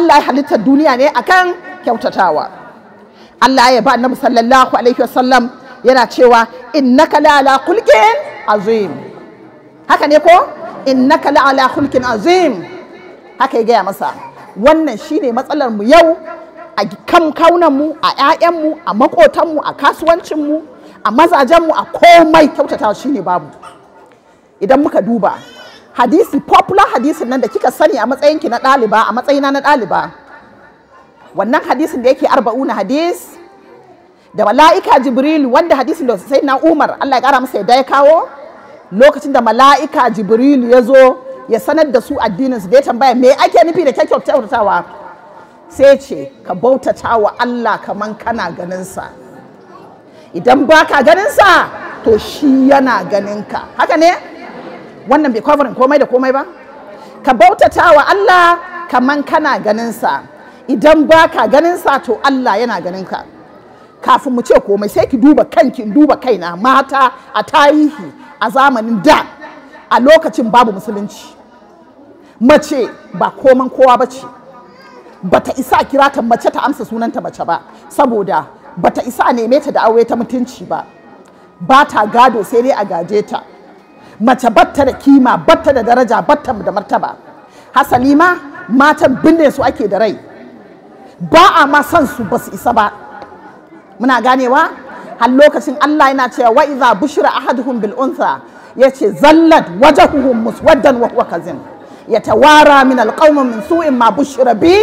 Allah ya halitta duniya ne akan kyautatawa Allah ya ba annabi sallallahu alaihi wasallam yana cewa innaka la ala khulqin azim haka ne ko innaka la ala khulqin azim haka ya gaya masa wannan shine matsalar mu yau a kan kaunan mu a ƴaƴan mu a makotan mu a kasuwancin mu a mazajen mu a komai kyautatawa shine babu idan muka duba hadisi popular hadisin nan da kika sani a matsayinki na ɗaliba a matsayina na ɗaliba wannan hadisin da yake arba'una hadis da mala'ika jibril wanda hadisin da sai na umar allah ya kara masa yadda ya kawo lokacin da mala'ika jibril ya zo ya sanar da su addininsu da ya tambaya me ake nufi da kyakkyawar kyakkyautawa sai ce ka bautata wa allah kaman kana ganinsa idan baka ganinsa to shi yana ganin ka haka ne wannan bai kwafarin komai da komai ba ka bautata wa Allah kaman kana ganinsa idan ba ka ganinsa to Allah yana ganin ka. kafin mu ce komai sai ki duba kanki duba kaina mata a tarihi a zamanin da a lokacin babu musulunci mace ba koman kowa ba ce bata isa kira ta mace ta amsa sunanta mace ba saboda bata isa neme ta da aure ta mutunci ba Bata gado sai dai a gaje ta mace batta da kima batta da daraja batta da martaba hasali ma matan binne su ake da rai ba a ma san su ba su isa ba muna ganewa har lokacin Allah yana cewa wa iza bushira ahaduhum bil unsa yace zallat wajhuhum muswaddan wa huwa kazim yatawara min al qawmi min su'in ma bushira bi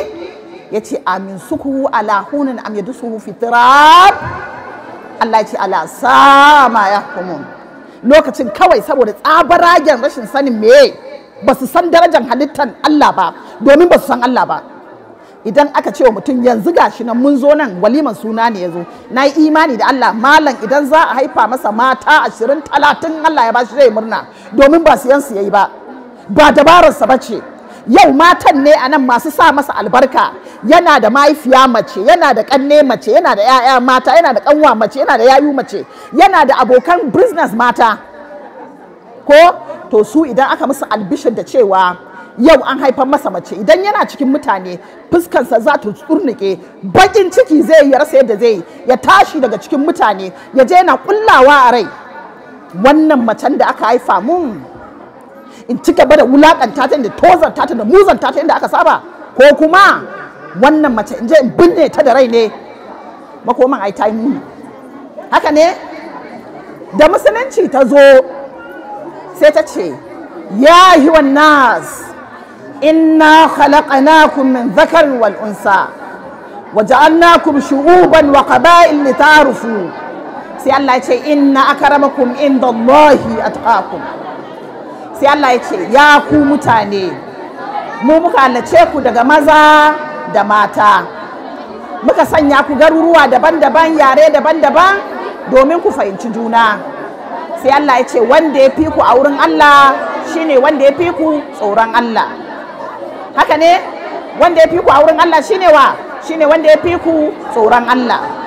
yace amin suku ala hunin am yadusuhu fi tirab Allah yace ala sama yahkumun lokacin kawai saboda ragen rashin sanin meye ba su san darajar halittar Allah ba domin ba su san Allah ba idan aka ce wa mutum yanzu gashi nan mun zo nan waliman suna ne ya zo na yi imani da Allah malam idan za a haifa masa mata ashirin talatin Allah ya ba shi zai murna domin ba yansu ya yayi ba ba dabararsa ba ce yau matan ne a nan masu sa masa albarka yana da mahaifiya mace yana da kanne mace yana da 'ya'ya mata yana da kanwa mace yana da yayu mace yana da abokan business mata ko to su idan aka musu albishin da cewa yau an haifar masa mace idan yana cikin mutane fuskansa za ta tsurnuke baƙin ciki zai yi rasa yadda zai ya tashi daga cikin mutane ya je yana kullawa a rai wannan macen da aka haifa mun in cika gaba da wulakanta ta da tozar ta da muzan ta inda aka saba ko kuma wannan mace in je in binne ta da rai ne makoman ai ta yi haka ne da musulunci ta zo sai ta ce ya yi wa nas inna khalaqnakum min dhakarin wal unsa wa ja'alnakum shu'uban wa qaba'il litarufu sai Allah ya ce inna akramakum indallahi atqakum sai Allah ya ce ya ku mutane mu muka halace ku daga maza da mata muka sanya ku garuruwa daban-daban yare daban-daban domin ku fahimci juna sai Allah ya ce wanda ya fi ku a wurin Allah shine wanda ya fi ku tsoron Allah haka ne wanda ya fi ku a wurin Allah shine wa shine wanda ya fi ku tsoron Allah